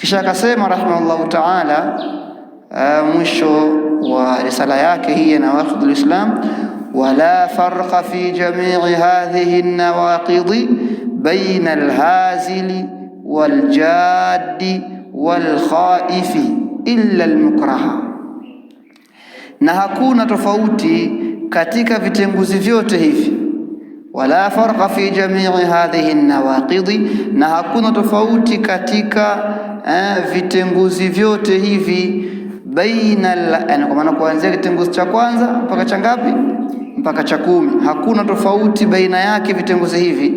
Kisha akasema rahimahullahu taala uh, mwisho wa risala yake hii na Nawaqidul Islam, wala farqa fi jamii hadhihi nawaqidi baina alhazili waljaddi walkhaifi illa almukraha, na hakuna tofauti katika vitenguzi vyote hivi wala farqa fi jamii hadhihi nawaqidi, na hakuna tofauti katika eh, vitenguzi vyote hivi baina yani, kwa maana kuanzia kitenguzi cha kwanza mpaka cha ngapi? Mpaka cha kumi. Hakuna tofauti baina yake vitenguzi hivi,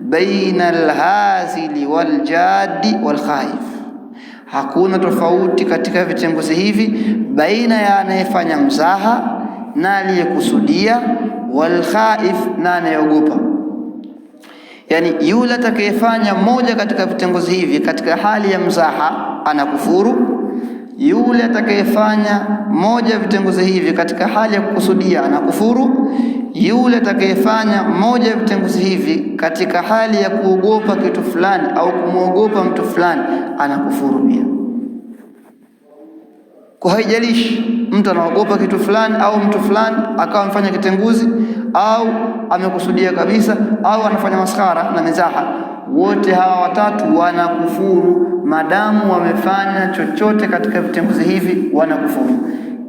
baina alhazili waljadi walkhaif, hakuna tofauti katika vitenguzi hivi baina ya anayefanya mzaha na aliyekusudia, wal khaif, na anayeogopa. Yani yule atakayefanya moja katika vitenguzi hivi katika hali ya mzaha anakufuru. Yule atakayefanya moja vitenguzi hivi katika hali ya kukusudia anakufuru. Yule atakayefanya moja vitenguzi hivi katika hali ya kuogopa kitu fulani au kumwogopa mtu fulani anakufuru pia. Kwa haijalishi mtu anaogopa kitu fulani au mtu fulani akawa amefanya kitenguzi au amekusudia kabisa au anafanya maskhara na mizaha, wote hawa watatu wanakufuru madamu wamefanya chochote katika vitenguzi hivi, wanakufuru.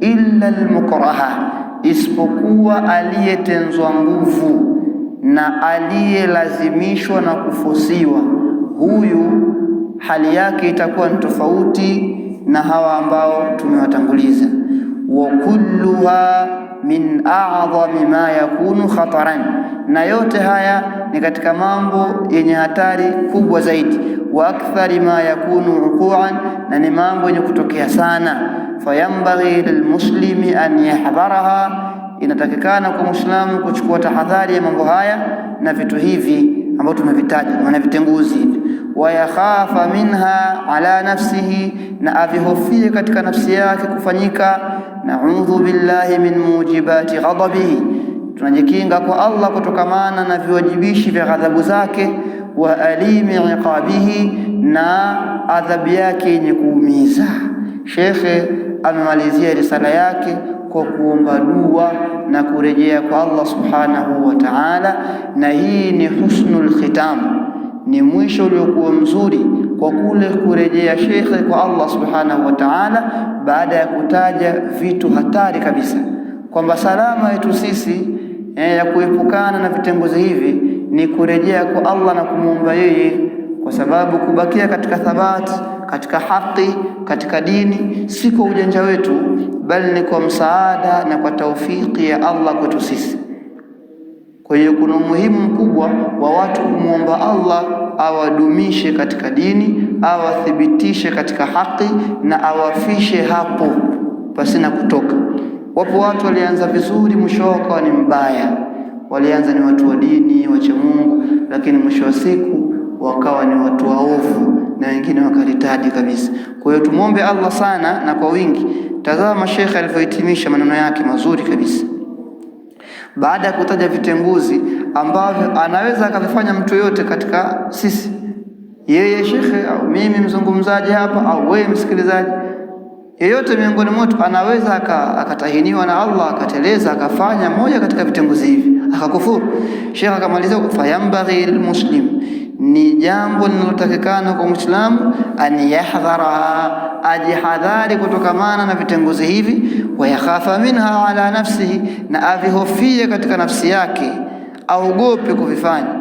Illa almukraha, isipokuwa aliyetenzwa nguvu na aliyelazimishwa na kufosiwa, huyu hali yake itakuwa ni tofauti na hawa ambao tumewatanguliza. wa kulluha min a'dhami ma yakunu khataran, na yote haya ni katika mambo yenye hatari kubwa zaidi. wa akthari ma yakunu rukuan na ni mambo yenye kutokea sana. fayambaghi lilmuslimi an yahdharaha, inatakikana kwa muislamu kuchukua tahadhari ya mambo haya na vitu hivi ambao tumevitaja maana vitenguzi, wayakhafa minha ala nafsihi, na avihofie katika nafsi yake kufanyika. Naudhu billahi min mujibati ghadabihi, tunajikinga kwa Allah kutokamana na viwajibishi vya ghadhabu zake. Wa alimi iqabihi, na adhabu yake yenye kuumiza. Shekhe amemalizia risala yake kwa kuomba dua na kurejea kwa Allah subhanahu wa ta'ala, na hii ni husn husnul khitam, ni mwisho uliokuwa mzuri kwa kule kurejea shekhe kwa Allah subhanahu wa ta'ala, baada ya kutaja vitu hatari kabisa, kwamba salama yetu sisi eh, ya kuepukana na vitengozi hivi ni kurejea kwa Allah na kumuomba yeye, kwa sababu kubakia katika thabati katika haki katika dini si kwa ujanja wetu, bali ni kwa msaada na kwa taufiki ya Allah kwetu sisi. Kwa hiyo kuna umuhimu mkubwa wa watu kumwomba Allah awadumishe katika dini, awathibitishe katika haki na awafishe hapo pasina kutoka. Wapo watu walianza vizuri, mwisho wao ukawa ni mbaya. Walianza ni watu wa dini, wacha Mungu, lakini mwisho wa siku wakawa ni watu waovu na wengine wakaritadi kabisa. Kwa hiyo tumwombe Allah sana na kwa wingi. Tazama shekhe alivyohitimisha maneno yake mazuri kabisa baada ya kutaja vitenguzi ambavyo anaweza akavifanya mtu yote katika sisi, yeye shekhe au mimi mzungumzaji hapa au wewe msikilizaji, yeyote miongoni mwetu anaweza akatahiniwa na Allah akateleza akafanya moja katika vitenguzi hivi akakufuru. Shekhe akamalizia fayambaghi lmuslim, ni jambo linalotakikana kwa Muislamu an yahdhara, ajihadhari kutokamana na vitenguzi hivi wayakhafa minha ala nafsihi, na avihofie katika nafsi yake, aogope kuvifanya.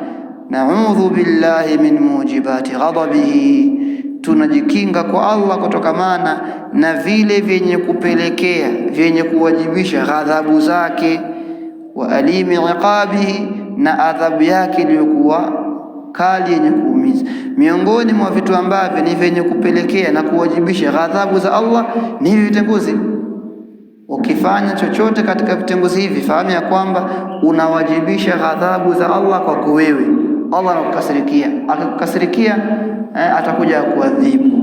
Naudhu billahi min mujibati ghadabihi, tunajikinga kwa Allah kutokamana na vile vyenye kupelekea vyenye kuwajibisha ghadhabu zake, wa alimi iqabihi, na adhabu yake iliyokuwa kali yenye kuumiza. Miongoni mwa vitu ambavyo ni vyenye kupelekea na kuwajibisha ghadhabu za Allah ni hivi vitenguzi ukifanya chochote katika vitengo hivi, fahamu ya kwamba unawajibisha ghadhabu za Allah kwako wewe. Allah anakukasirikia, akikukasirikia eh, atakuja kuadhibu.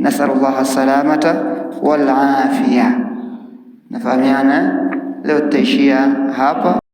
Nasallallahu salamata wal afia. Nafahamiana leo tutaishia hapa.